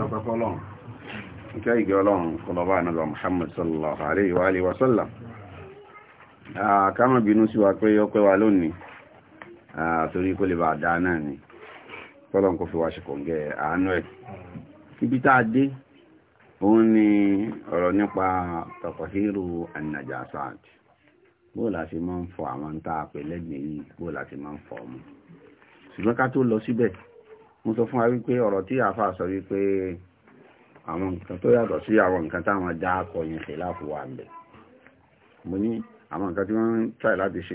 lọ́pẹ́pẹ́ ọlọ́run ìkẹ́ ìgẹ́ ọlọ́run kọlọ́bá ànàbà Muhammad sallallahu alayhi wa alihi wa sallam káàmà bínú sí wa pé ọpẹ́ wa lónìí torí kó lè bá dá náà ni tọ́lọ́n kò fi wá ṣe kòǹgẹ́ àánú ẹ̀ ibi tá a dé òun ni ọ̀rọ̀ nípa tọkọ̀hírù an-najasat bóò láti máa ń fọ àwọn tá a pè lẹ́gbẹ̀ẹ́ yìí bóò láti máa ń fọ ọmọ ṣùgbọ́n ká tó lọ síbẹ̀ mo sọ fún wa wípé ọ̀rọ̀ tí àáfà sọ wípé àwọn nǹkan tó yàtọ̀ sí àwọn nǹkan táwọn já akọ yẹn ṣe láàfù wa ń bẹ̀ mo ní àwọn nǹkan tí wọ́n ń tàì láti ṣe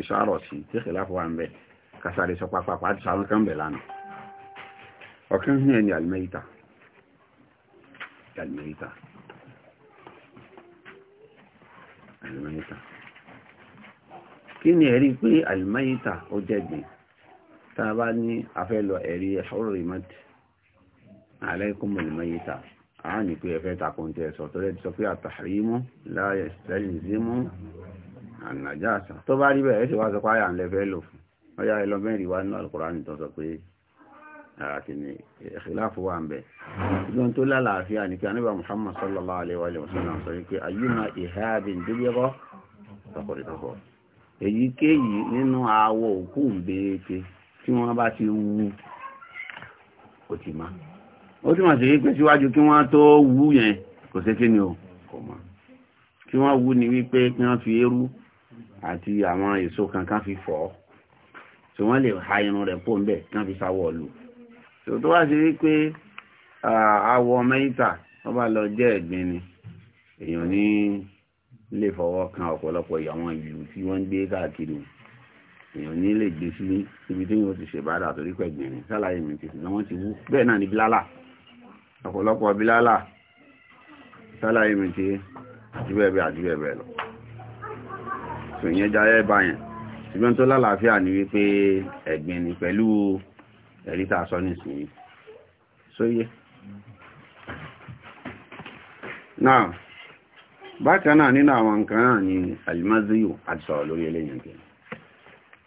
ìṣàrọ̀ sí tí ṣe láàfù wa ń bẹ̀ kásáré sọ pápápá àti sàrán kan bẹ̀ lánàá ọ̀kan hìn ẹni àlùmẹ́yìtà àlùmẹ́yìtà àlùmẹ́yìtà kí ni ẹ̀rí pé àlùmẹ́yìtà ó jẹ́ gbìn tá a bá ní afẹ́lọ ẹ̀rí hurrimat alaykumul mayta a ní pé ẹfẹ́ takùntì ẹ̀sọ̀ tó lẹ́ti sọ pé àtàrímú la yastalzimu an-najasa tó bá rí bẹ́ẹ̀ ẹ̀sẹ̀ wá sọ pé àyà ńlẹ̀ fẹ́ lò fún ọyá ẹlọ mẹ́rin wá nínú Al-Qur'ani tó sọ pé àkìní ìkìláàfù wà tí wọ́n bá ti wú kò ti má ó tí wọ́n sì pé síwájú kí wọ́n tó wú yẹn kò sí kí ni o kò mọ́ kí wọ́n wú ni wípé kí wọ́n fi eérú àti àwọn èso kankan fi fọ̀ tí wọ́n lè ha irun rẹ̀ pò ń bẹ̀ kí wọ́n fi sáwọ́ lù tó tó wá sí wípé awọ mẹ́ta wọ́n bá lọ jẹ́ ẹ̀gbin ni èèyàn ní lè fọwọ́ kan ọ̀pọ̀lọpọ̀ àwọn ìlú tí wọ́n ń gbé káàkiri wọn èèyàn ní lè gbé sí ibi tí wọ́n ti ṣèbádà torí pẹ̀gbìn rìn sálàyé mi ti ṣùgbọ́n wọ́n ti wú bẹ́ẹ̀ náà ní bílálà ọ̀pọ̀lọpọ̀ bílálà sálàyé mi ti àti bẹ́ẹ̀ bẹ́ẹ̀ àti bẹ́ẹ̀ bẹ́ẹ̀ lọ sọ ìyẹn jayẹ́ báyẹn ṣùgbọ́n tó lálàáfíà ni wípé ẹ̀gbìn ni pẹ̀lú ẹ̀rí tá a sọ nísìnyí sóyè náà bákan náà nínú àwọn nǹkan náà ni alimaziyu àti sọ̀rọ̀ lórí eléyìí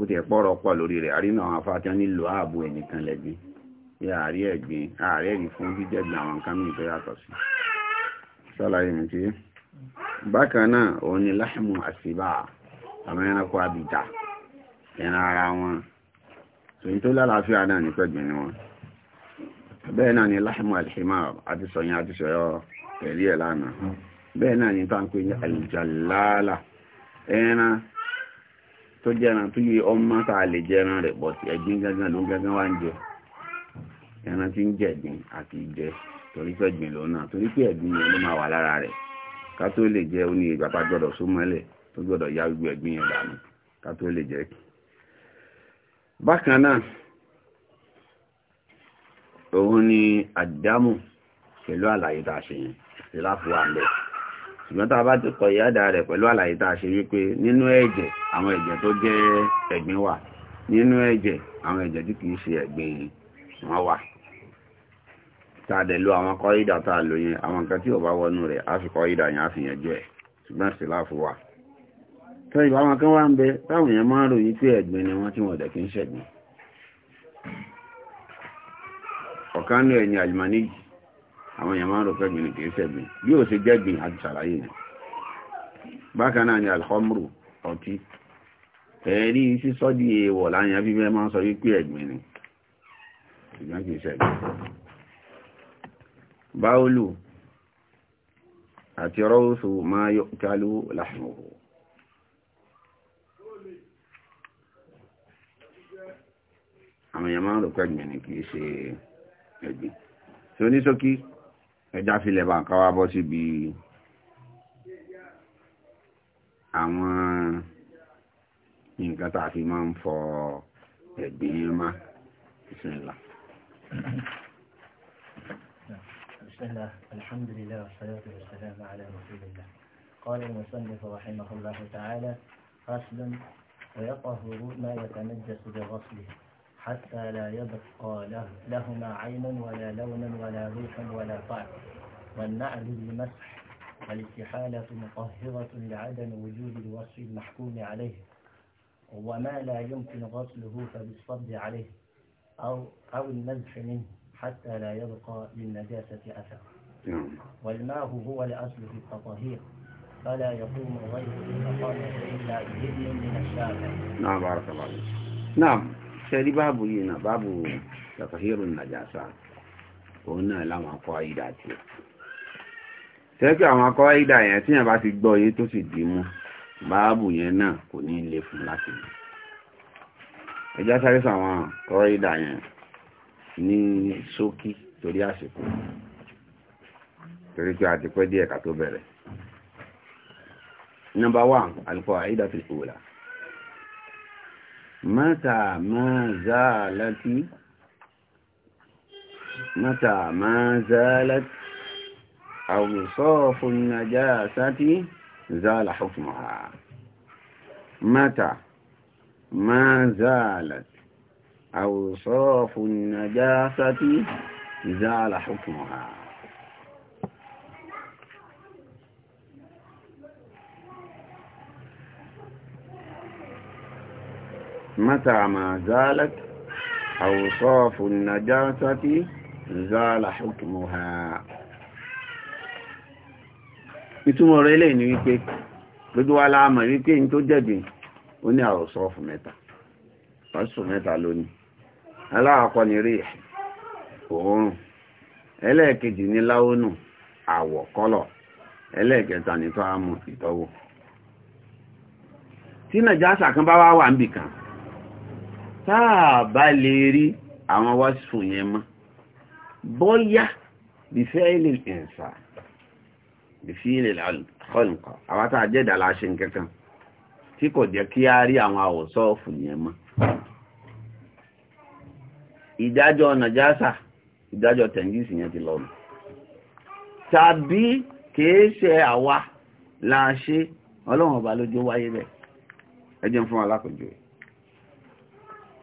ó ti pọ́rọ̀ pọ̀ lórí rẹ̀ àrínà àwọn afáàtì nílò ààbò ẹnìkan lẹ́gbin bí ààrẹ ẹ̀gbin ààrẹ ẹ̀rí fún na àwọn nǹkan mìíràn tó yàtọ̀ sí sọ́láyé mi tí bákan náà òun ni láhìmù àṣìbà àwọn ẹranko àbìjà ẹran ara wọn èyí tó lálàáfíà náà ní pẹ̀gbin ni wọn bẹ́ẹ̀ náà ni láhìmù àti sọ̀yìn tó jẹran tó yẹ ọmọ tá a lè jẹran rẹ̀ bọ̀ sí ẹ̀gbin gángan ló gángan wá ń jẹ ẹran tí ń jẹ̀gbin àti ìjẹ torí fẹ́ gbìn lòun náà torí pé ẹ̀gbin yẹn ló máa wà lára rẹ̀ ká tó lè jẹ ó ní ìgbàpá gbọ́dọ̀ só mọ́lẹ̀ tó gbọ́dọ̀ ya gbogbo ẹ̀gbin yẹn dànù ká tó lè jẹ. bákan náà òun ni àdámù pẹ̀lú àlàyé tá a ṣe yẹn ìlàfọ̀ àmì ṣùgbọ́n tá a bá ti kọ̀ ìyáda rẹ̀ pẹ̀lú àlàyé tá a ṣe wípé nínú ẹ̀jẹ̀ àwọn ẹ̀jẹ̀ tó jẹ́ ẹ̀gbin wà nínú ẹ̀jẹ̀ àwọn ẹ̀jẹ̀ tí kìí ṣe ẹ̀gbin wọn wà tá a dẹ̀ lo àwọn kọ́ ìdá tá a lò yẹn àwọn nǹkan tí ò bá wọnú rẹ̀ á fi kọ́ ìdá yẹn á fi yẹn ẹ̀ ṣùgbọ́n sì láàfù wà. tó ìbá wọn wá ń bẹ táwọn èèyàn àwọn èèyàn máa ń rò pé gbìn kìí ṣẹ̀gbìn bí ó ṣe jẹ́ gbìn àti ṣàlàyé ni bákan náà ni alhomru ọtí ẹ̀rí sísọ́ di èèwọ̀ láyàn bí mẹ́ máa ń sọ wípé ẹ̀gbìn ni ṣùgbọ́n kìí ṣẹ̀gbìn báólù àti rọ́ọ̀sù máa yọ kálú láhùnwò àwọn èèyàn máa ń rò pé kìí ṣe ẹ̀gbìn tí ó ní ṣókí ẹjá filẹ̀ bá káwá bọ́ síbi àwọn nǹkan tá a fi máa ń fọ ẹ̀gbìn má ìsinla. الحمد لله والصلاة والسلام على رسول الله قال المصنف رحمه الله تعالى غسل ويطهر ما يتنجس بغسله حتى لا يبقى له لهما عين ولا لون ولا ريح ولا طعم والنعل للمسح والاستحالة مطهرة لعدم وجود الوصف المحكوم عليه وما لا يمكن غسله فبالصد عليه أو, أو المزح منه حتى لا يبقى للنجاسة أثر نعم. والماء هو الأصل في التطهير فلا يقوم غيره إلا بإذن من الشافع نعم بارك الله نعم sẹ́rí báàbù yìí náà báàbù tàkàhírù nàjàsá òun náà láwọn akọ́ ìdá tí ó tẹ́kì àwọn akọ́ ìdá yẹn tí yẹn bá ti gbọ́ yé tó sì dì mú báàbù yẹn náà kò ní lè fún láti lè ẹjá sáré sọ àwọn akọ́ ìdá yẹn ní ṣókí torí àsìkò torí pé a díẹ̀ ká tó bẹ̀rẹ̀ nọ́mbà wán alùpùpù àìdá tó ìwòlá متى ما زالت متى ما زالت أوصاف النجاسة زال حكمها متى ما زالت أوصاف النجاسة زال حكمها متى ما زالت أوصاف النجاسة زال حكمها ìtumọ̀ rẹ̀ ha. ní wípé gbogbo wa láàmà wípé ní tó jẹ̀gbìn ó ní àwòsọ́ọ̀fù mẹ́ta pàṣọ mẹ́ta lónìí aláàkọ́ ni rí òórùn ẹlẹ́ẹ̀kejì ní láwónù àwọ̀ kọ́lọ̀ ẹlẹ́ẹ̀kẹta ní tó á ìtọ́wò tí bá táà bá lè rí àwọn wáṣù yẹn mọ́ bóyá bí fẹ́ẹ̀lì ìsà bí fẹ́ẹ̀lì ọ̀lùkọ̀ àwọn táà jẹ́ ìdàlá ṣe kankan tí kò jẹ́ kí á rí àwọn àwòsọ́ọ̀fù yẹn mọ́ ìdájọ́ nàjásà ìdájọ́ tẹ̀ǹgìsì yẹn ti lọ́nà tàbí kìí àwa láṣe ọlọ́run ọba lójó wáyé bẹ́ẹ̀ ẹjẹ́ fún alákòjò rẹ̀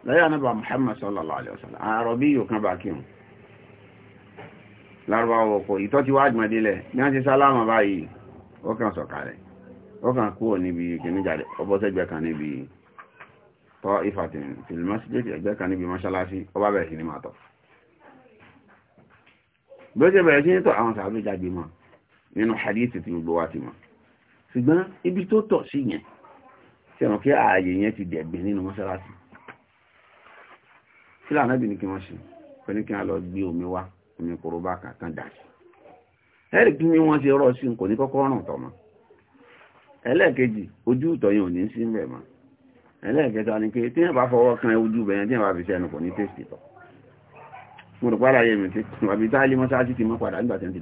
lẹ́yìn anábà Muhammad sallallahu alaihi wasallam àrọ̀bí yóò kan bá kí wọn lárúbáwọ̀ ọkọ̀ ìtọ́ ti wá àjùmọ̀délẹ̀ ní wọ́n ti sálámà báyìí ó kàn sọ̀kalẹ̀ ó kàn kúrò níbi kìnnìjàre ọbọ̀sẹ̀gbẹ̀ kan níbi tọ́ ìfàtìn fìlìmọ́sílẹ̀ ẹgbẹ́ kan níbi mọ́ṣáláṣí ọba bẹ̀rẹ̀ sí ní màtọ̀ bí ó ṣe bẹ̀rẹ̀ sí ní tọ́ àwọn sàbẹ̀ jágbe mọ́ nínú hadithi tí gbogbo wa ti mọ̀ ṣùgbọ́n ibi tó tọ̀ sí kí ààyè yẹn ti dẹ̀gbẹ̀ nínú mọ́ṣáláṣí kí lànàbì ní kí wọn ṣe pé ní kí lọ gbé omi wá omi korobá kankan dà sí ẹ̀rì kí ni wọn ṣe rọ̀ sí kò ní kọ́kọ́ ràn tọ̀ mọ́ ẹlẹ́ẹ̀kejì ojú ìtọ̀ yẹn ò ní sí bẹ̀ mọ́ ẹlẹ́ẹ̀kẹta ni pé tí bá kan ojú bẹ̀ yẹn tí wọ́n bá fi sẹ́nu kò ní tèsì tọ̀ mo rò pàdà yẹn mi àbí ti padà nígbà tí ti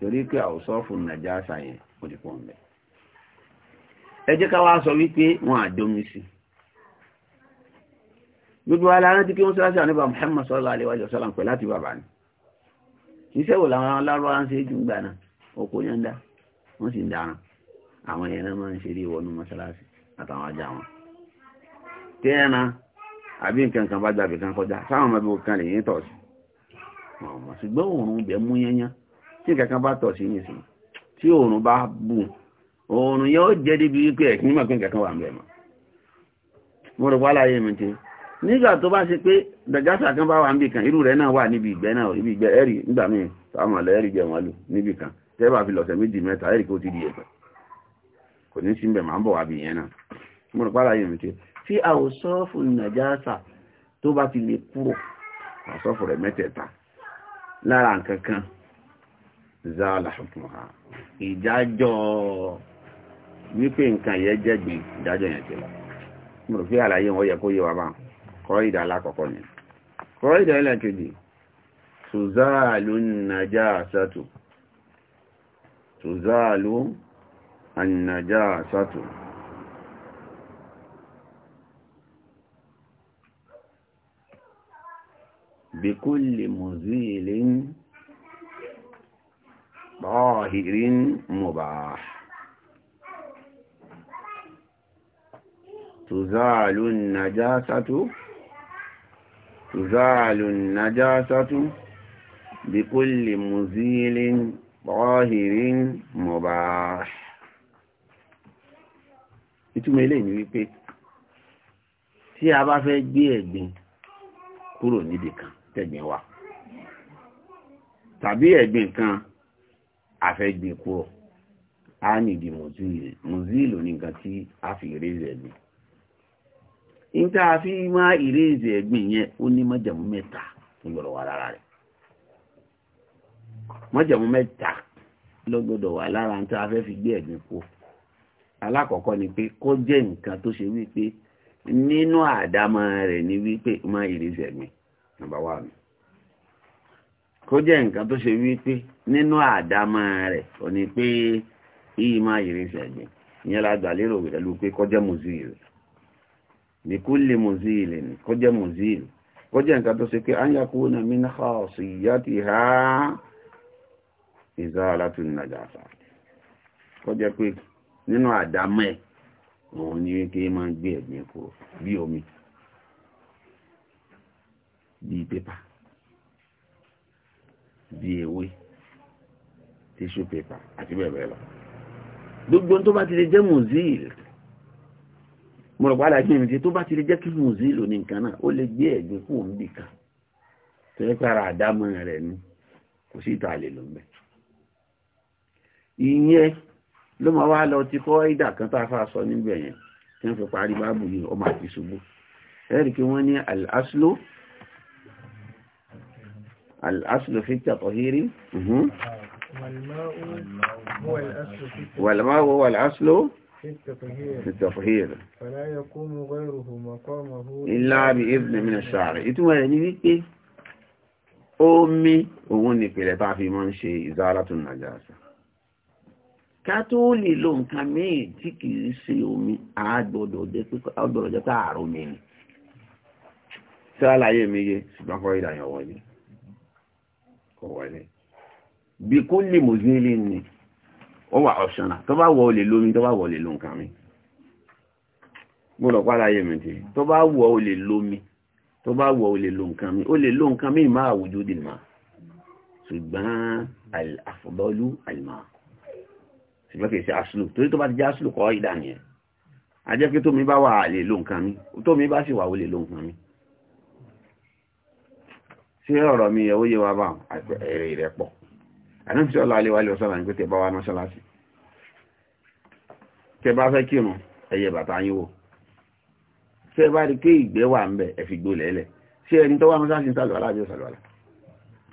torí pé nàìjíríà ti pọ̀ ń ẹ jẹ́ sọ wípé wọn àdómi sí i gbogbo alára tí kí wọ́n sọ́lá sí àníbà Muhammad sallallahu alaihi wa sallam pẹ̀ láti bàbá ní iṣẹ́ wò láwọn alárọ́wà ń ṣe jù ń gbà náà oko yẹn ń dá wọ́n sì ń dára àwọn èèyàn máa ń ṣe rí ìwọ̀nú mọ́ṣáláṣí àtàwọn ajá wọn tí ẹran àbí nǹkan kan bá gbàgbé kan kọjá sáwọn ọmọ ibi kan lè yín tọ̀ ṣùgbọ́n òórùn ibẹ̀ mú yányán tí tí nígbà tó bá ṣe pé dàjásà kan bá wà níbì kan irú rẹ̀ náà wà níbi ìgbẹ́ náà ibi ìgbẹ́ ẹ̀rì nígbà míì táwọn ẹ̀rì jẹ̀ wọ́n kan tẹ́bà fi lọ̀sẹ̀ méjì mẹ́ta ẹ̀rì kó ti di ẹ̀pẹ̀ kò ní síbẹ̀ máa ń bọ̀ wábi yẹn náà mo rò pàlàyé mi tí tí a ò sọ́ọ̀fù nàjásà tó bá ti lè kúrò àsọ́fù rẹ̀ mẹ́tẹ̀ẹ̀ta lára nǹkan kan zala ìdájọ́ wípé nǹkan yẹn ìdájọ́ yẹn kọ́ ìdá alákọ̀ọ́kọ́ ni kọ́ ìdá ẹlẹ́kejì tùzáàlù nàjásátù tùzáàlù ànàjásátù bikulli muzilin tahirin mubah tùzáàlù nàjásátù تزال النجاسة بكل مزيل طاهر مباح ìtumọ̀ eléyìí ni wípé tí a bá fẹ́ gbé ẹ̀gbin kúrò níbi kan tẹ̀gbin wà tàbí ẹ̀gbin kan a fẹ́ gbé kúrò a nìdí mùzíìlì ní nǹkan tí a fi rí ẹ̀gbin níta fi máa ìrèzè ẹ̀gbìn yẹn ó ní májẹ̀mú mẹ́ta tó gbọ́dọ̀ wà lára rẹ̀ májẹ̀mú mẹ́ta ló gbọ́dọ̀ wà lára níta fẹ́ fi gbé ẹ̀gbìn kú alákọ̀ọ́kọ́ ni pé kó jẹ́ nǹkan tó ṣe wípé nínú àdámọ́ rẹ̀ ni wípé máa ìrèzè ẹ̀gbìn nàbà wà mí kó jẹ́ nǹkan tó ṣe wípé nínú àdámọ́ rẹ̀ ò ní pé yìí máa ìrèzè ẹ̀gbìn ìyẹn la gbà lérò pẹ̀lú pé kó mùsùlùmí rẹ̀ lèkúlè mozil ni kó jẹ́ mozil kó jẹ́ nǹkan tó ṣe pé an yakuna min khasiyatiha izalatun najasa kó jẹ́ pé nínú àdámọ́ ẹ̀ òun ni wípé máa ń gbé ẹ̀gbìn kúrò bí omi bí pépà bí ewé tíṣù pépà àti bẹ́ẹ̀ bẹ́ẹ̀ lọ gbogbo tó bá ti lè jẹ́ mozil mọ̀rọ̀ padà kí ìrìntì tó bá ti lè jẹ́ kí mùsí lò ní nǹkan náà ó lè gbé ẹ̀gbẹ́ kú òun nìkan tó yẹ kára àdámọ́ rẹ̀ ni kò sí ìta àlè ló ń bẹ̀. ìyẹn ló máa wá lọ ti kọ́ ìdà kan tá a sọ níbẹ̀ yẹn tí wọ́n fi parí báàbù yìí ọmọ àti ṣubú ẹ̀rì kí wọ́n ní al-aslu fi at في التطهير في التطهير فلا يقوم غيره مقامه إلا بإذن من الشارع ìtumọ̀ rẹ̀ ni wípé omi òun ni ìpìlẹ̀ tá a fi máa ń ṣe ìzáratun nàjàsà ká tó lè lo nǹkan míì tí kì ṣe omi àgbọ̀dọ̀ jẹ́ pé ààrùn mi ni tí mi yé ṣùgbọ́n kọ́ ìdàyàn wọlé kọ̀ wọlé bí kó lè mọ̀ ni ó wà ọ̀ṣọ́nà tó bá wọ olè lómi tó bá wọ olè lóǹkà mi mo lọ pàdà yẹ mẹ́tì tó bá wọ olè lómi tó bá wọ olè lóǹkà mi olè lóǹkà mi máa wùjú dì máa ṣùgbọ́n àfọ̀bọ́lú àìmá ṣùgbọ́n kìí ṣe aṣlù torí tó bá ti jẹ́ aṣlù kọ́ ìdánìyẹn a pé tómi bá wà lè lóǹkà mi tómi bá sì wà olè lóǹkà mi ṣé ọ̀rọ̀ mi yẹ ó yé wa bá ẹ̀rẹ̀ rẹ̀ pọ̀ àníbi sọ́lá aléwálé ọ̀sán àyíkó tẹ bá wá mọ́ṣáláṣí tẹ bá fẹ́ kírun ẹyẹ bàtà yín wò ṣé ẹ bá rí pé ìgbẹ́ wà ń bẹ ẹ fi gbó lẹ́lẹ̀ ṣé ẹni tó wá mọ́ṣáláṣí ń sàlùwàlá ọ̀sàlùwàlá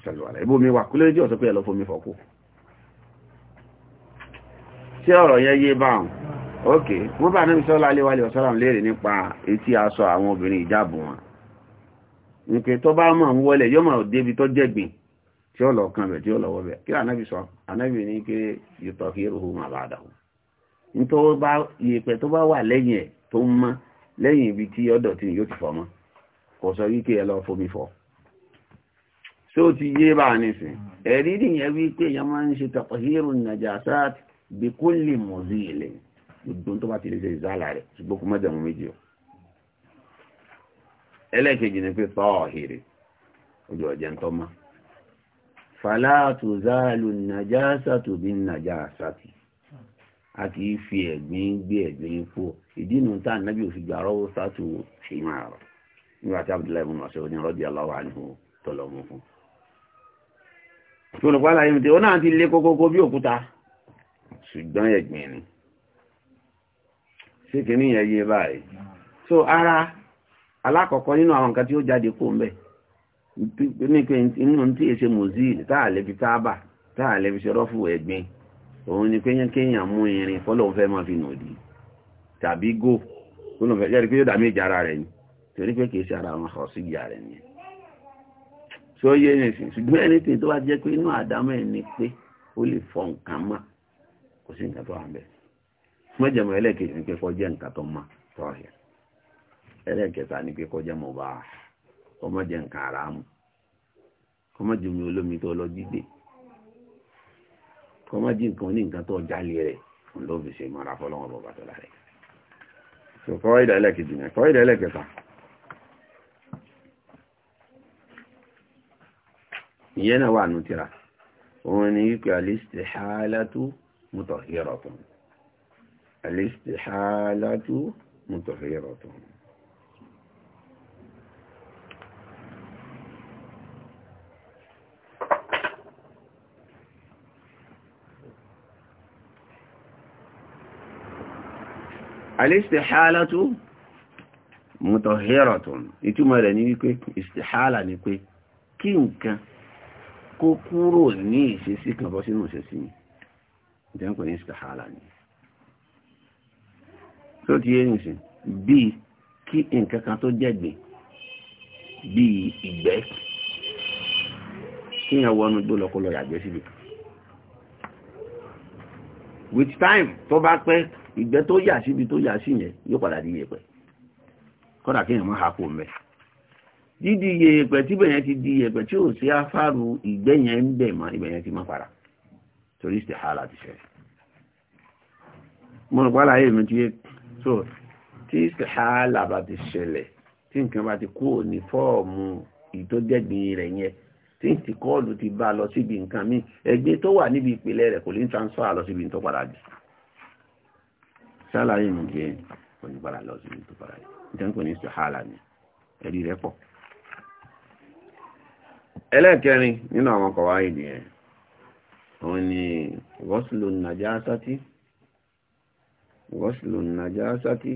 sàlùwàlá mi wà kú lórí ọ̀sọ́ pé ẹ lọ fomi fọ̀kù ṣé ọ̀rọ̀ yẹn yé bá wọn ok wọ́n bá àníbi sọ́lá aléwálé ọ̀sán tí ó lọ kan bẹ̀ tí ó lọ wọ́bẹ̀ kí ànábì sọ ànábì ní pé yòtọ̀ kí irú hùwà bá dà hù nítorí bá yèpẹ̀ tó bá wà lẹ́yìn ẹ tó ń mọ́ lẹ́yìn ibi tí ọdọ tí yóò ti fọ̀ mọ́ kò sọ wípé ẹ lọ ti yé bá nísìn nìyẹn wípé máa ń ṣe bí lè sí gbogbo fàlàtù záàlù nàjásàtù bí nàjásàtì a kì í fi ẹ̀gbìn gbé ẹ̀gbìn ìdí nu tá òfin gbà rọ́wọ́ ṣì máa rọ̀ nígbà tí abdullahi ní radiyallahu anhu tọ̀lọ̀ mú fún. tólùpá láyé mi tẹ náà ti lé kókókó bí òkúta ṣùgbọ́n ẹ̀gbìn ni ṣé kìíní yé báyìí so ara alákọ̀ọ́kọ́ nínú àwọn nǹkan tí ó jáde kó ń bẹ́ẹ̀ pínpínkẹ́ inú tí èṣe mozil táà lè fi tábà táà lè fi ṣe rọ́fù ẹ̀gbin òun ni kéyàn kéyàn mú irin fọ́lọ̀ fẹ́ máa fi nòdì tàbí gò fọ́lọ̀ fẹ́ jẹ́rìí pé yóò dà méjì rẹ̀ ni torí pé kìí ṣe ara wọn sọ sí ìyá rẹ̀ ni ṣó yé ní sìn ṣùgbọ́n anything tó bá jẹ́ pé inú àdámọ́ ẹ̀ ni pé ó lè fọ nǹkan mọ́ kò sí nǹkan tó wà bẹ́ẹ̀ mọ́jẹ̀mọ́ ẹlẹ́kẹ̀ẹ́ ni pé kọjá nǹkan tó mọ́ tọ́ọ̀ṣẹ̀ ẹlẹ́kẹ̀ẹ́ta ni pé kọjá mọ́ bá a kọ́mọ jẹ nǹkan àràmù kọ́mọ jẹ omi olómi tó lọ jíde kọ́mọ jẹ nǹkan ní tó jálè rẹ̀ ló fi ṣe mara fọlọ́wọ́n bọ̀ bàtọ́ lára rẹ̀ so kọ́wọ́ ìdá ẹlẹ́kejì náà kọ́wọ́ ìdá ẹlẹ́kẹta ìyẹn náà wà nù tíra òun ni wípé alistihalatu mutahiratun alistihalatu mutahiratun alistihalatu mutahiratun ìtumọ̀ rẹ̀ ní wípé istihala ni pé kí nǹkan kó kúrò ní ìṣesí kan bọ́ sínú ìṣesí mi ìjẹ́ pé ní istihala ni tó ti yé nìsín bíi kí nǹkan kan tó jẹ́gbìn bíi ìgbẹ́ kí yẹn wọnú gbó lọ́kọ́ lọ yàgbẹ́ síbi with time To bá pẹ́ ìgbẹ́ tó yà síbi tó yà sí yẹn yóò padà di yẹ̀pẹ̀ kọ́dà kí èèyàn má ha kó mẹ́ dídi tí bẹ̀yẹn ti di yẹ̀pẹ̀ tí ò sí afáàrù ìgbẹ́ yẹn ń bẹ̀ mọ́ ti má para torí istihala ti ṣẹlẹ̀ mo rò mi ti so tí bá ti ṣẹlẹ̀ tí nǹkan bá ti kúrò ní fọ́ọ̀mù rẹ̀ yẹn tí ti kọ́ọ̀lù ti bá lọ síbi nǹkan míì egbe tó wà níbi ìpìlẹ̀ rẹ̀ kò ní transfer lọ síbi padà dì ṣàlàyé mi jẹ́ pẹ̀lú padà lọ sí ètò padà yìí nítorí pé ní sàhálà ni ẹ̀rí rẹ̀ pọ̀. ẹlẹ́ẹ̀kẹrin nínú àwọn ọkọ̀ wáyé nìyẹn òun ni gọ́sùlù nàjásátì gọ́sùlù nàjásátì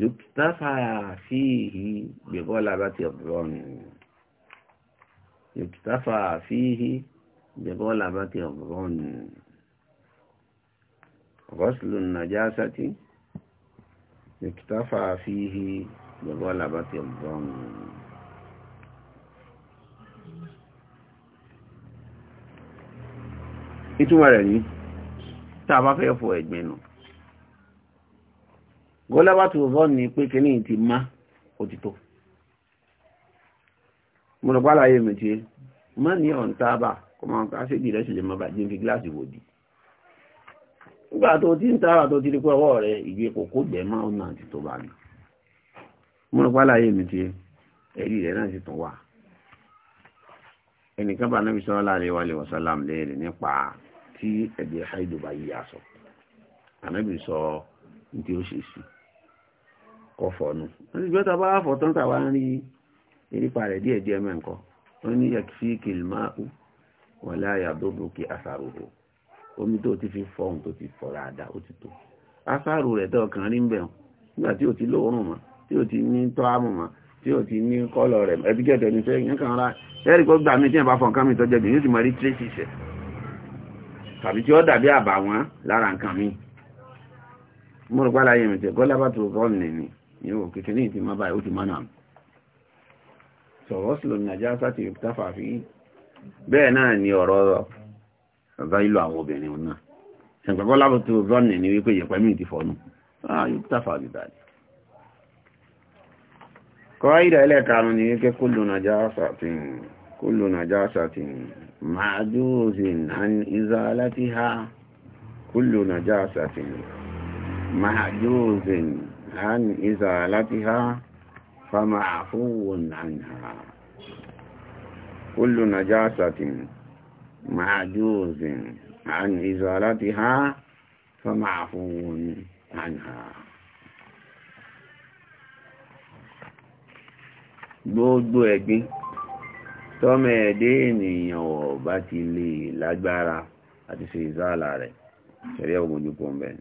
yuktafa fíhì bẹ̀bọ́lá bá ti ọ̀bùrọ̀ nù yuktafa fíhì bẹ̀bọ́lá bá ti ọ̀bùrọ̀ nù. غسل النجاسة اكتفى فيه بغلبة الظن ìtumọ̀ rẹ̀ ní tàbá fẹ́ fọ ẹ̀gbẹ́ nù gọ́lábà tó rọ́ ní pé kíní ti má òtítọ́ mọ̀lọ̀pá láyé mẹ́tí má ní ọ̀ntàbà kọmọ̀ ká sí ìdí rẹ̀ sílẹ̀ mọ́bà jí ń fi gíláàsì wò nígbà tó ti ń tààrà tó ti rí pé ọwọ́ rẹ̀ ìgbé kòkó jẹ́ máa ń náà ti tó bá ní mo rò pálàyé mi ti ẹ̀rí rẹ̀ náà ti tún wà ẹnìkan bá nábi sọ́lá àríwá lè wọ́sálàm léèrè nípa tí ẹ̀jẹ̀ haidu bá yí aṣọ ànábì sọ ní ó ṣe sí kọfọ̀nù wọ́n ti gbọ́ta bá fọ̀tán tàwa ń rí erípa rẹ̀ díẹ̀ díẹ̀ ó ní yẹ kí kìlmáù wà láyà dódò omi tó ti fi fọ ohun tó ti fọ ràdà ó ti tó afárò rẹ̀ tó kàn rí ń bẹ̀ nígbà tí ò ti lóòórùn mọ́ tí ò ti ní tọ́ àmù mọ́ tí ò ti ní kọ́lọ̀ rẹ̀ ẹbí gẹ̀dẹ̀ ní sẹ́yìn kan rá ẹ̀rí kó gbà mí tí ìbá fọ nǹkan mi tọ́jẹ́ bí yóò sì mọ rí tírèsì ṣẹ̀ tàbí tí ó dàbí àbàwọ́n lára nǹkan mi mo rò pàlàyé mi tẹ̀ gọ́lá bá tó rọ́ọ̀nù nìyí yóò kékeré ìtì má báyìí ó ti mọ́nà mi sọ̀rọ̀ sílò ní àjá sátì bàbá ìlú àwọn obìnrin náà ṣẹ̀gbẹ̀kọ́ lábọ̀ tó rọ́nì ní wípé yẹ̀pẹ̀ mí ti fọ́nù ah, yóò tàfà àbìbàdì kọ́ ìdá ilẹ̀ karùn ní wípé kullu najasatin kullu najasatin ma'juzin an kullu najasatin معجوز عن إزالتها فمعفو عنها gbogbo ẹ̀gbin tọ́mọ ẹ̀dẹ́ ènìyàn ọ̀bá ti lè lágbára àti ṣe ìzáàlà rẹ̀ ṣẹ̀rẹ́ ògùnjúkọ mẹ́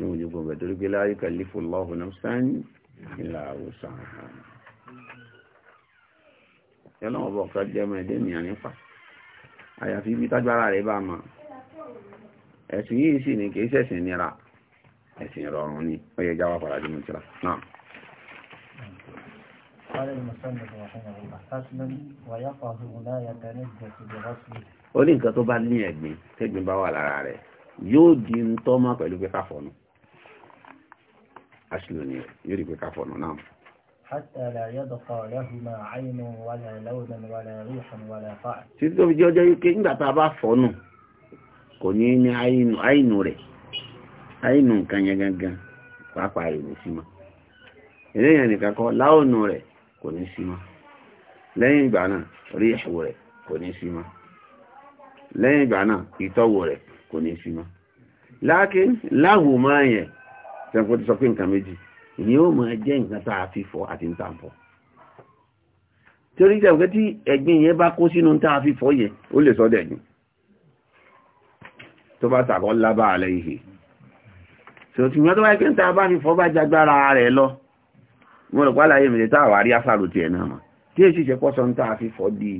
ògùnjúkọ mẹ́ torípé láyé kàlífò lọ́hùn náà sáyìn ìlà ẹlọ́wọ̀n ọ̀bọ̀ kan jẹ́ ọmọ ẹ̀dẹ́ mìíràn nípa àyàfi ibi tágbára rẹ̀ bá mọ̀ ẹ̀sìn yìí sì ni kìí ṣẹ̀sìn nira ẹ̀sìn ìrọ̀rùn ni ó yẹ jáwá padà dínú tíra náà ó ní nǹkan tó bá ní ẹ̀gbin tẹ́gbin bá wà lára rẹ̀ yóò di ń tọ́ mọ́ pẹ̀lú pé káfọ́nù aṣílò ni yóò di pé káfọ́nù náà حتى لا يبقى لهما عين ولا لون ولا ريح ولا طعم títí tó fi jẹ́ ọjọ́ yíké nígbà tá a bá fọ́ nù kò ní ní àìnù àìnù rẹ̀ àìnù nǹkan yẹn gangan pàápàá rẹ̀ ní símọ́ eléyàn nìkan kọ́ láònù rẹ̀ kò ní símọ́ lẹ́yìn ìgbà náà rí ìṣòwò rẹ̀ ìyẹn ó máa jẹ́ nǹkan tá a fi fọ̀ àti ń tàn fọ̀ torí ìjẹ́ tí ẹ̀gbìn yẹn bá kó sínú tá a fi fọ̀ yẹn ó lè sọ́dẹ̀ ni tó bá sàkọ́ lábá alẹ́ ihe ṣòtìmọ́ tó bá ẹgbẹ́ tá a bá fi fọ̀ bá jagbára rẹ̀ lọ mo rò pàlàyé mi tá a wà rí àṣàrò tiẹ̀ náà mọ̀ tí èsì ṣe pọ́sọ̀ tá a fi fọ̀ di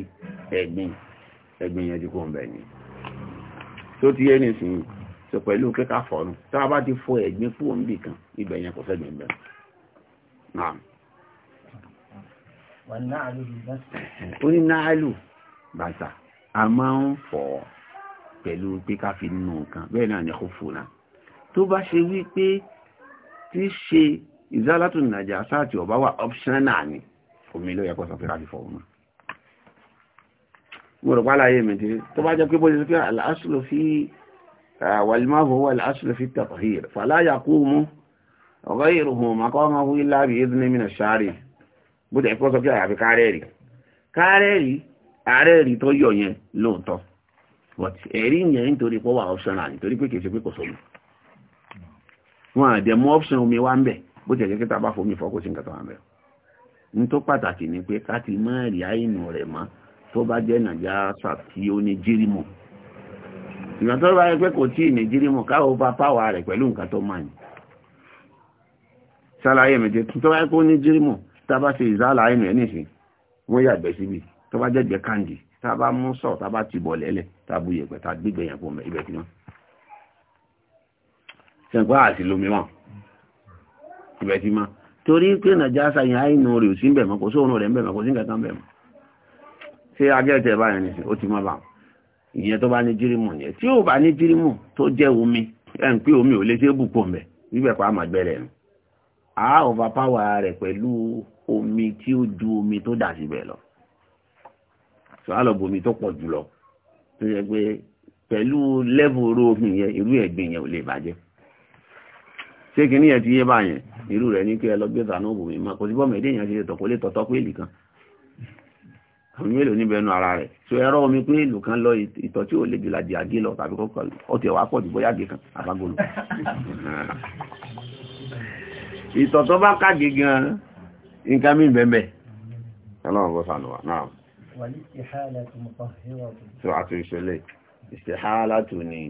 ẹ̀gbìn ẹ̀gbìn yẹn ti kó ń bẹ̀ ni tó ti yé nìsín sọ pẹ̀lú kíkà fọ́nù tá a bá ti fọ ẹ̀gbin fún òǹbì kan ibẹ̀ yẹn kò sẹ́gbìn bẹ́ẹ̀. ó ní náàlù bàtà a máa ń fọ̀ pẹ̀lú pé ká fi nù nǹkan bẹ́ẹ̀ náà ni kò fòrà tó bá ṣe wípé tí ṣe ìzálátù nàjà sáàtì ọ̀bá wà ọ́pṣánà ni omi ló yẹ kó sọ pé ká fi fọ̀ wọn mo rò pa láyé mi tí tó bá jẹ́ pé bó ṣe pé àlàáṣù ló fi والماء هو الأصل في التطهير فلا يقوم غيره مقامه إلا بإذن من الشارع bóde ẹ̀kọ́ sọ pé àyàfi kárẹ́rì kárẹ́rì àárẹ́rì tó yọ yẹn lóòótọ́ but ẹ̀rí yẹn nítorí pọ́ wà optional nítorí pé kìí pé kò sọ́lù wọn àdẹ mú option omi wá ń bẹ̀ bó tẹ̀lé kí tábà fomi fọ́ kò sí nǹkan tó wà bẹ̀ ní tó pàtàkì ni pé ká ti mọ́ àìnù rẹ̀ mọ́ tó bá jẹ́ nàìjíríà sàtì ó ní jírímù ìgbà tó bá yẹ pé kò tí ìnìjírí mọ̀ káwọ́ bá páwà rẹ̀ pẹ̀lú nǹkan tó máa ní ṣàlàyé méje tó bá yẹ pé ó ní jírí mọ̀ tá bá ṣe ìzálà ẹnu ẹ̀ nìsín wọ́n yàgbẹ́ síbi tó bá jẹ́gbẹ́ káńdì tá bá mú sọ̀ tá bá ti bọ̀ lẹ́lẹ̀ tá bu yẹ̀pẹ̀ tá gbígbẹ̀ yẹn fún ibẹ̀ tí wọ́n ṣẹ̀pá àti tí wọ́n ìyẹn tó bá ní dírímù yẹn tí ò bá ní dírímù tó jẹ́ omi ẹ̀ ń pé omi ò lè ṣe é bù pọ̀ mẹ́ bíbẹ̀ pa àmà gbẹ́rẹ̀ nù á overpower rẹ̀ pẹ̀lú omi tí ó ju omi tó dà síbẹ̀ lọ sọ á lọ bomi tó pọ̀ jù lọ tó yẹ pé pẹ̀lú level rohun yẹn irú ẹ̀gbìn yẹn ò lè bàjẹ́ ṣé kìíní ti yé báyẹn irú rẹ̀ ní kí ẹ lọ gbé ìtànà òbòmí mọ́ kò sí bọ́ọ̀mù ẹ̀dẹ́ yẹn ti lè tọ́tọ́ pé èlì omi mélòó níbẹ̀ nù ara rẹ̀ so ẹ̀rọ omi pé èlò kan lọ ìtọ̀ tí ò le jùlọ àjì àgé lọ tàbí kọ́kọ́ ọtí ẹ̀wà pọ̀ jù bóyá àgé kan àbágolo ìtọ̀ tó bá káàgé gan nǹkan mí bẹ́ẹ̀ ọlọ́run bó sànù náà. so àti ìṣẹ̀lẹ̀ ìṣẹ̀hálàtù ni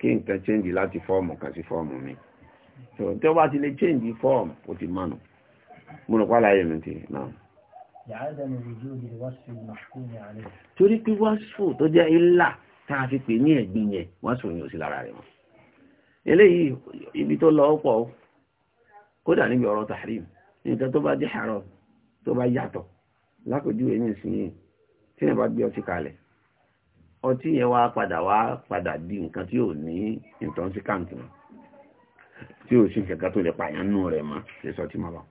kí nǹkan change láti fọ́ọ̀mù mi so tí ó bá ti lè change fọ́ọ̀mù ó ti mánu mo rò náà torí pé wáṣfù tó jẹ́ ilá tá a fi pè ní ẹ̀gbin yẹn wáṣfù yìí ò sí lára rẹ̀ mọ́ eléyìí ibi tó lọ pọ̀ kódà níbi ọ̀rọ̀ tàhírìm nǹkan tó bá jẹ́ haram tó bá yàtọ̀ lákòjúwe ní ìsinyìí tí yẹn bá gbé ọtí kalẹ̀ ọtí yẹn wá padà wá padà di nǹkan tí ò ní intoxicant tí ò sí kẹ̀kẹ́ tó lè pààyàn nù rẹ̀ mọ́ ṣe sọ tí mo bá wọn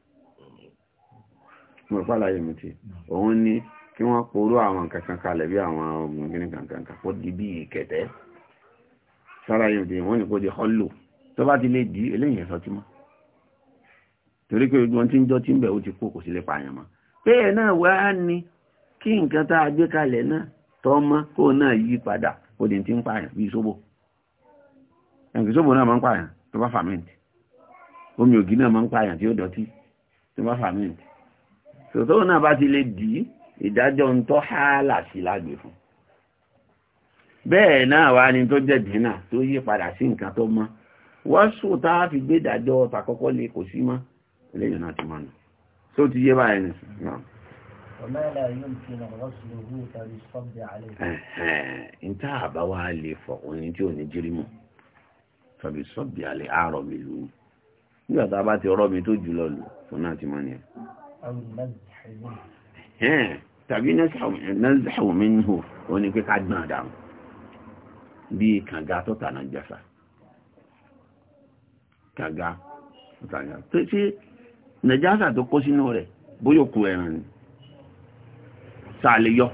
mo pa láyé mi ti òun ni kí wọ́n poró àwọn kankan kalẹ̀ bí àwọn ogun gíní kankan kó di bí ìkẹ̀tẹ́ sára yìí ti wọ́n ní kó di họ́lù tó bá ti lè di eléyìí ẹ̀sọ́ tí mọ́ torí pé ogun tí ń jọ tí ń bẹ̀ ó ti kó kò sí lè pààyàn mọ́ bẹ́ẹ̀ náà wá ní kí nǹkan tá a gbé kalẹ̀ náà tọ́mọ́ kó náà yí padà ó di ti ń pààyàn bí sóbò ẹ̀ǹkì sóbò náà máa ń pààyàn tó bá fàmẹ́ǹtì omi ògì náà máa ń pààyàn tí ó dọ̀tí tó bá fàmẹ́ǹtì tòtò náà bá ti lè dì í ìdájọ́ ń tọ́ hálà sí lágbè fún bẹ́ẹ̀ náà wá ní tó jẹ̀bi náà tó yí padà sí nǹkan tó mọ́ wọ́n sùn tá a fi gbé ìdájọ́ ọ̀tà kọ́kọ́ lè kò sí mọ́ eléyìí náà ti mọ́ nù tó ti yé báyìí nì nta àbá wa lè fọ òní tí ò ní jírí mu tàbí sọ́bì alẹ́ àárọ̀ mi lù ú nígbà tá a bá ti rọ́ mi tó jù lọ lù fún náà ti mọ́ nìyẹn tàbí nẹ́sàwò mínú o ní pé ká gbọ́n dáhùn bí kànga tó tànà jẹ́sà kànga tó tànà tó tí nàìjásà tó kó sínú rẹ̀ bóyá òkú ẹran ni sáà lè yọ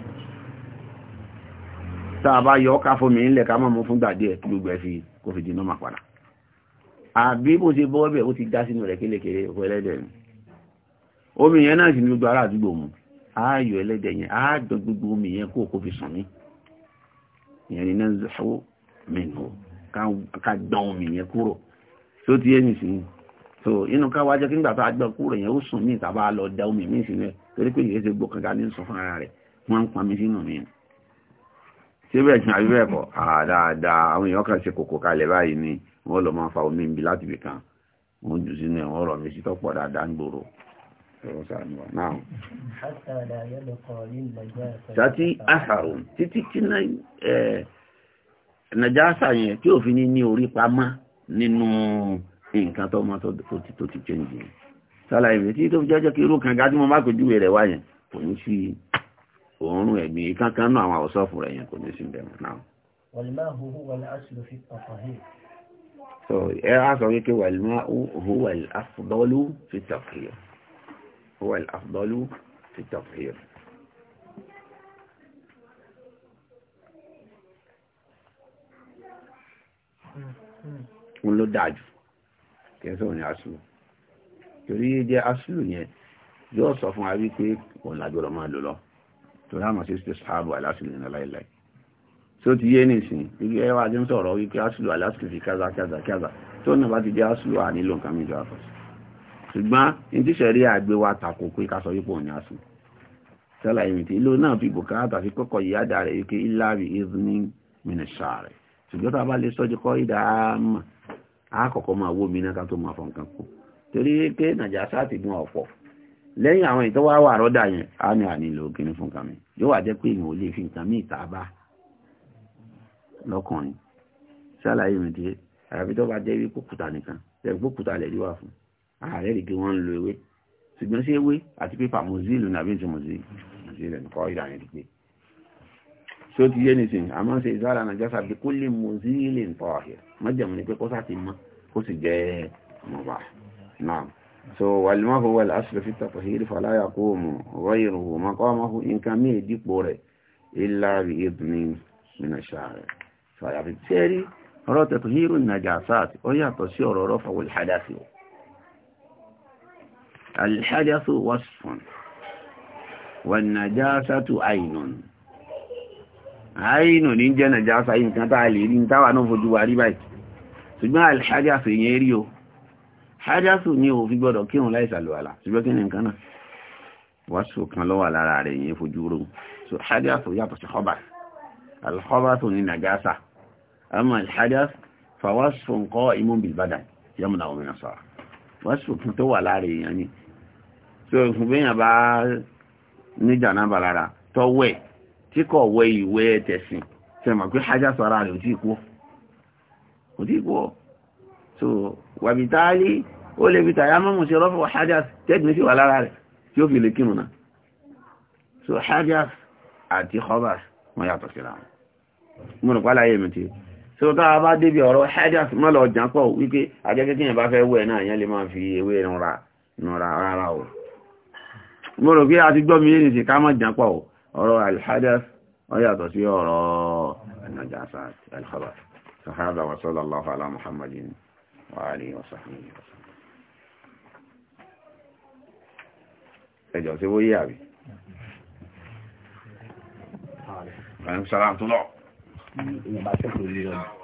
tá a bá yọ ká fún mi nílẹ̀ ká mọ́ fún gbàdé ẹ̀ gbogbo fi kò fi di nọ́mà padà àbí bó ṣe bọ́ bẹ̀ ó ti dá sínú rẹ̀ kélékèé òkú ẹlẹ́dẹ̀ ni omi yẹn náà sì ní gbogbo ará àdúgbò mu ààyò ẹlẹ́dẹ̀ yẹn àádọ́ gbogbo omi yẹn kó kó fi sàn mí ìyẹn ni náà zọ́wọ́ mẹ́nu ká gbọ́n omi yẹn kúrò tí ó ti yé mi sí i so inú ká wájẹ́ kí nígbà tó àgbẹ̀ kúrò yẹn ó sùn mí ìta bá lọ da omi mí sínú ẹ̀ torí pé ìyẹn ti gbọ́ kankan ní sọ ara rẹ̀ wọ́n ń pa mí sínú mi síbẹ̀ kí àbí bẹ́ẹ̀ kọ́ àdáadáa àwọn èèyàn kan ṣe kòkò kalẹ̀ báyìí ni wọ́n lọ máa fa omi ń bi láti ibì kan wọ́n jù sínú ẹ̀ wọ́n rọ̀ mí sí tọ́pọ̀ dáadáa ń gbòòrò Tàtí àṣàrùn títí kí nàjásà yẹn tí ò fi ní ní orí pamá nínú nǹkan tó mọ́ tó ti chẹ́ǹjì. Sálà ìwé tí tó fi jẹ́jẹ́ kí irú kan gájú mọ́ bá kòjúwé rẹ̀ wáyẹn kò ní sí òórùn ẹ̀mí kankan náà àwọn àwọ̀sọ́fù rẹ̀ yẹn kò ní sí bẹ̀rẹ̀ náà. Wàlmáà هو الأفضل في التطهير òun ló dáa jù kẹsàn òní asùlù torí jẹ́ asùlù yẹn yóò sọ fún wa wípé òun làjọrọ máa lò lọ torí àmọ́ sí ṣe sáàbù alásùlù yẹn láìláì tí ó ti yé nìsín ibi ẹwà tí ń sọ̀rọ̀ wípé asùlù alásùlù fi káza káza káza tó náà bá ti jẹ́ asùlù à nílò nǹkan mìíràn àfọ̀sí ṣùgbọ́n ntíṣẹ̀rí àgbéwà tako pé ká sọ wípé òun ni a sùn sẹ́là ìrìntì ìlú náà fi bùkátà fi kọ́kọ́ ìyáda rẹ̀ wípé ìlàrí ìzní mínísà rẹ̀ ṣùgbọ́n tá a bá lè sọ́jú kọ́ ìdá àmà àkọ́kọ́ máa wó mi náà ká tó máa fọ nǹkan kú torí pé nàìjíríà ti gun ọ̀pọ̀ lẹ́yìn àwọn ìtọ́wá wà rọ́dà yẹn á ní ànílò kíní fún nǹkan yóò wà jẹ́ pé ìmọ̀ ò lè fi nǹkan mí ìta bá lọ́kùnrin sẹ́là ìrìntì àyàfi tó bá jẹ́ wípé kùtà nìkan tẹ̀ ààrẹ ah, rí pé wọ́n ń lo ewé ṣùgbọ́n sí ewé àti pépà mozil nàbí ní mozil mozil ẹ̀nì kọ́ ìdáyẹn ti pé tí ó ti yé ní sìn àmọ́ ṣe ìzára nàjásà bí kó lè mozil ń tọ́ ọ̀hẹ́ mọ́jẹ̀mú ni pé kó sáà ti mọ́ kó sì jẹ́ mọ̀bà náà so wàlúmọ́ fún wàlú aṣọ fi tọ̀pọ̀ sí ìrìfà láyà kó mú wáyé rò wò mọ́kọ́ ọmọ fún nǹkan mí ìdípò rẹ̀ ilá rí ìdùnnú nínú ṣáà rẹ̀ fàyàfi tẹ́rí ọ̀rọ̀ tẹ̀tù hírù nàjàsáàtì ó yàtọ̀ sí ọ̀rọ̀ ọ̀rọ̀ fàwọlì hádásí o الحدث وصف والنجاسة عين àìnù ní jẹ́ nàìjásá yìí nǹkan táà lè rí táwà náà fojú wa rí báyìí ṣùgbọ́n alhajjásù yẹn rí o hajjásù ní o fi gbọ́dọ̀ kírun láìsàlùwàlà ṣùgbọ́n kí ni nǹkan náà wàásù kan lọ́wọ́ lára rẹ̀ yẹn fojú rò so hajjásù yàtọ̀ sí hobas alhobasù ní nàìjásá àmọ́ alhajjásù fàwásù nǹkan imú bilbadan yẹmúnà òmìnira sọ̀rọ̀ wàásù kan tó wà lára yẹn ni tó fún bẹ́yàn bá ní jànábà lára tọ́wẹ̀ tí kò wẹ ìwẹ̀ tẹ̀sìn tí a mọ̀ pé hajjá sọ́ra rẹ̀ ò tí kú ò tí kú so wàbí táálí ó lè fi tàyà mọ́mù sí rọ́fọ̀ hajjá tẹ́gbìn sí wà lára rẹ̀ tí ó fi lè kírun náà so hajjá àti khabar wọ́n yàtọ̀ síra wọn mo rò pálá mi ti so tá a bá débi ọ̀rọ̀ hajjá mọ́ lọ jàn pọ̀ wípé àjẹ́kẹ́kẹ́ yẹn bá fẹ́ wẹ̀ náà yẹn lè máa fi ewé nura nura rárá o mo rò pé a ti gbọ́ mi yé nìsín ká mọ̀ jápọ̀ ọ̀rọ̀ alhadath ó yàtọ̀ sí ọ̀rọ̀ najasat alkhabath sahaba wa sallallahu ala muhammadin wa alihi wa lè ọ̀nà.